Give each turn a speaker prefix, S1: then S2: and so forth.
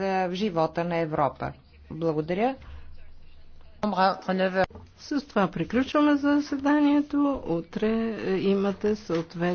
S1: в живота на Европа. Благодаря. С това приключваме заседанието. Утре е, имате съответно